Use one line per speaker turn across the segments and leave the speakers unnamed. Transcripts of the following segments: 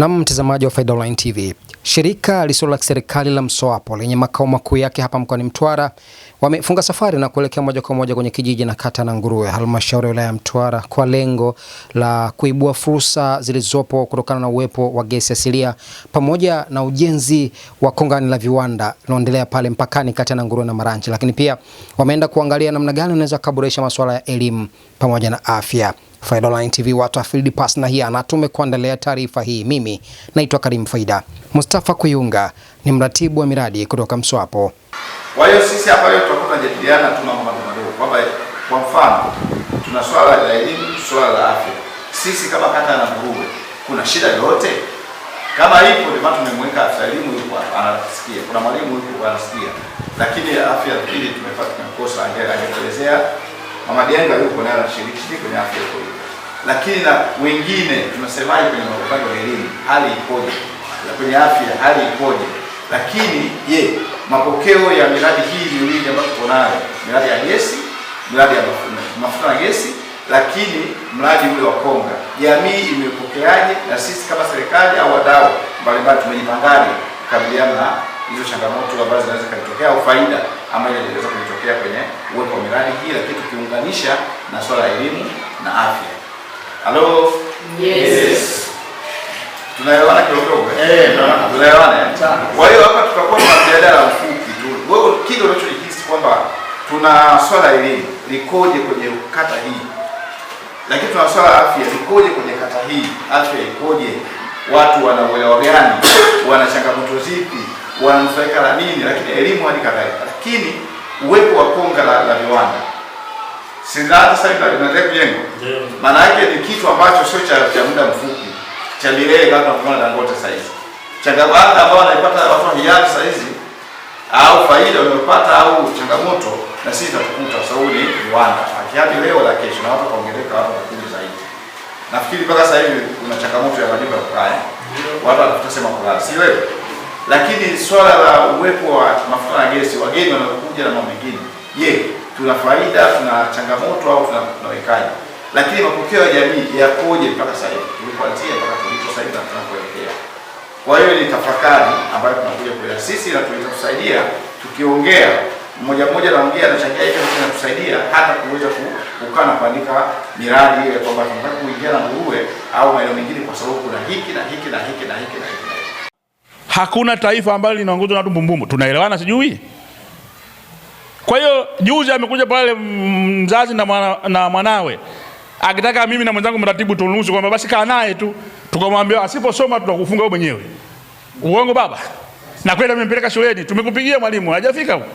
Na mtazamaji wa Faida Online TV, shirika lisilo la kiserikali la msoapo lenye makao makuu yake hapa mkoani Mtwara wamefunga safari na kuelekea moja kwa moja kwenye kijiji na kata na Nguruwe, halmashauri ya wilaya ya Mtwara kwa lengo la kuibua fursa zilizopo kutokana na uwepo wa gesi asilia pamoja na ujenzi wa kongani la viwanda linaendelea pale mpakani kati ya Nguruwe na Maranchi, lakini pia wameenda kuangalia namna gani unaweza kuboresha masuala ya elimu pamoja na afya. Faida Online TV watu afield pasna hiana tumekuandalia taarifa hii. Mimi naitwa Karim Faida. Mustafa Kuyunga ni mratibu wa miradi kutoka Mswapo. Kwa hiyo sisi hapa leo tutakuwa tunajadiliana tu mambo madogo kwamba eh, kwa mfano tuna swala la elimu, swala la afya. Sisi kama kata ya Namburuwe kuna shida yoyote? Kama ipo ndio maana tumemweka afya elimu yuko anasikia. Kuna mwalimu yuko anasikia. Lakini afya pili tumepata tumekosa angela angeelezea. Mama Jenga yuko naye anashiriki kwenye afya yuko lakini na wengine tunasemaje kwenye upande wa elimu, hali ikoje? Na kwenye afya hali ikoje? Lakini je, mapokeo ya miradi hii miwili ambayo tuko nayo, miradi ya gesi, miradi ya mafuta na gesi, lakini mradi ule wa Konga, jamii imepokeaje? Na sisi kama serikali au wadau mbalimbali tumejipangaje kukabiliana na hizo changamoto ambazo zinaweza kutokea au faida ambayo inaweza kutokea kwenye uwepo wa miradi hii, lakini tukiunganisha na swala la elimu na afya. Halo?
Yes.
Tunaelewana kidogo.
Eh, eh, tunaelewana.
Kwa hiyo hapa tutakuwa na mjadala mfupi tu. Wewe kile unachojihisi kwamba tuna swala elimu likoje kwenye kata hii, lakini tuna swala afya likoje kwenye kata hii, afya ikoje, watu wanauelewa gani, wana changamoto zipi, wananufaika na nini, lakini elimu hadi kadhalika, lakini uwepo wa konga la, la viwanda Sindano sasa ndio tunataka kujenga. Maana yake ni kitu ambacho sio cha cha muda mfupi. Cha milele kama tunaona Dangote sasa hivi. Changamoto ambayo wanaipata watu wa hiari sasa hivi au faida wanayopata au changamoto na sisi tutakuta Saudi ni viwanda. Akiapi leo la kesho na watu waongeleka watu wakubwa zaidi. Nafikiri mpaka sasa hivi kuna changamoto ya majumba ya kukaa. Watu wanatusema kulala, si wewe. Lakini swala la uwepo wa mafuta na gesi, wageni wanakuja na mambo mengine. Je, tuna faida, tuna changamoto au tunawekaje? Lakini mapokeo ya jamii yakoje mpaka sasa hivi tulipoanzia mpaka tulipo sasa hivi na tunakoelekea. Kwa hiyo ni tafakari ambayo tunakuja kwa sisi na tulizokusaidia tukiongea mmoja mmoja naongea anachangia hicho kitu kusaidia hata kuweza kukaa na kuandika miradi ile kwamba tunataka kuingia na nguruwe au maeneo mengine kwa sababu kuna hiki na hiki na hiki na hiki na hiki.
Hakuna taifa ambalo linaongozwa na watu mbumbumbu. Tunaelewana sijui? Kwa hiyo juzi amekuja pale mzazi na, mwana, na mwanawe akitaka mimi na mwenzangu mratibu tunuhusu kwamba basi kaa naye tu, tukamwambia asiposoma tutakufunga wewe mwenyewe. Uongo baba, na kwenda mmempeleka shuleni, tumekupigia mwalimu hajafika huko.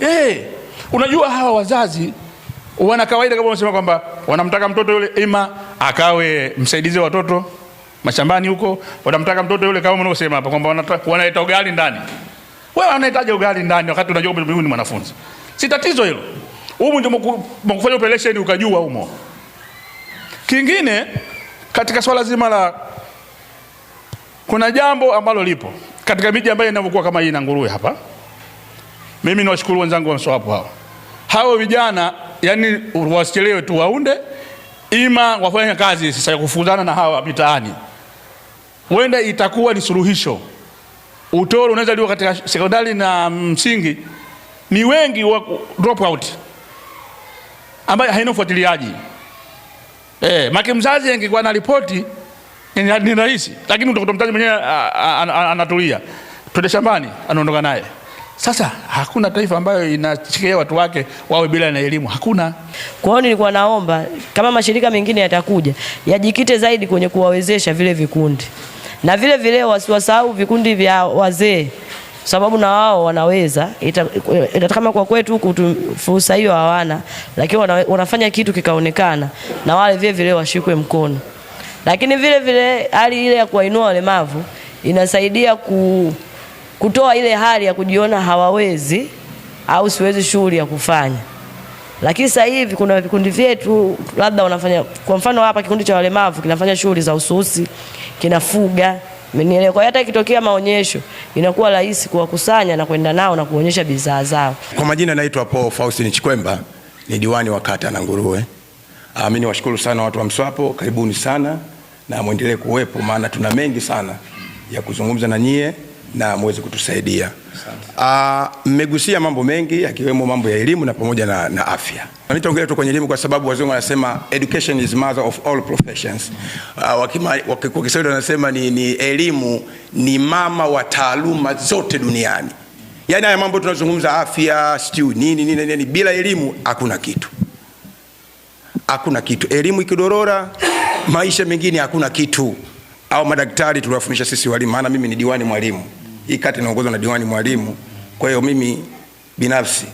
Eh, unajua hawa wazazi wana kawaida kama wanasema kwamba wanamtaka mtoto yule ima akawe msaidizi wa watoto mashambani huko, wanamtaka mtoto yule kama mnaosema hapa kwamba wanaita ugali ndani. Wewe anahitaji ugali ndani wakati unajua kwamba ni mwanafunzi si tatizo hilo. Humu ndio mkufanya operation ukajua humo. Kingine katika swala zima la kuna jambo ambalo lipo katika miji ambayo inavyokuwa kama hii na nguruwe hapa. Mimi niwashukuru wenzangu wa Mswapu hao, hao vijana yani wasichelewe tu, waunde ima wafanya kazi sasa ya kufundana na hawa mitaani, Wenda itakuwa ni suluhisho. Utoro unaweza liwa katika sekondari na msingi ni wengi wa drop out ambayo haina ufuatiliaji eh, maki mzazi angekuwa na ripoti ni rahisi, lakini utakuta mzazi mwenyewe anatulia, twende shambani, anaondoka naye. Sasa hakuna taifa ambayo inachikia watu wake wawe bila na elimu, hakuna.
Kwa hiyo nilikuwa naomba kama mashirika mengine yatakuja yajikite zaidi kwenye kuwawezesha vile vikundi, na vile vile wasiwasahau vikundi vya wazee sababu na wao wanaweza ita, kama kwa kwetu huku fursa hiyo hawana, lakini wana, wanafanya kitu kikaonekana na wale vile vile washikwe mkono. Lakini vile vile hali ile ya kuwainua walemavu inasaidia ku, kutoa ile hali ya kujiona hawawezi au siwezi shughuli ya kufanya. Lakini sasa hivi kuna vikundi vyetu labda wanafanya, kwa mfano hapa kikundi cha walemavu kinafanya shughuli za ususi, kinafuga, mmenielewa. Kwa hiyo hata ikitokea maonyesho inakuwa rahisi kuwakusanya na kwenda nao na kuonyesha bidhaa zao.
Kwa majina naitwa Paul Faustin Chikwemba, ni diwani wa kata Nanguruwe. Ah, mimi niwashukuru sana watu wa Mswapo, karibuni sana na mwendelee kuwepo, maana tuna mengi sana ya kuzungumza na nyie na muweze kutusaidia. Ah, mmegusia mambo mengi akiwemo mambo ya elimu na pamoja na, na afya. Nitaongelea tu kwenye elimu kwa sababu wazungu wanasema education is mother of all professions. Ah, kwa Kiswahili wanasema ni, ni elimu ni mama wa taaluma zote duniani. Yaani haya mambo tunazungumza afya, sijui nini nini nini, bila elimu hakuna kitu, hakuna kitu. Elimu ikidorora, maisha mengine hakuna kitu au madaktari tuliwafundisha sisi walimu, maana mimi ni diwani mwalimu. Hii kata inaongozwa na diwani mwalimu. Kwa hiyo mimi binafsi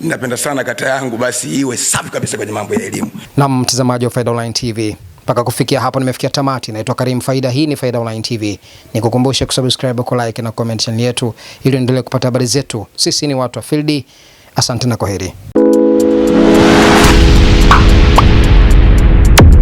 napenda sana kata yangu basi iwe safi kabisa kwenye mambo ya elimu.
Na mtazamaji wa Faida Online TV, mpaka kufikia hapo nimefikia tamati. Naitwa Karim Faida, hii ni Faida Online TV. Nikukumbushe kusubscribe, ku like na comment channel yetu ili endelee kupata habari zetu. Sisi ni watu wa field. Asante na kwaheri.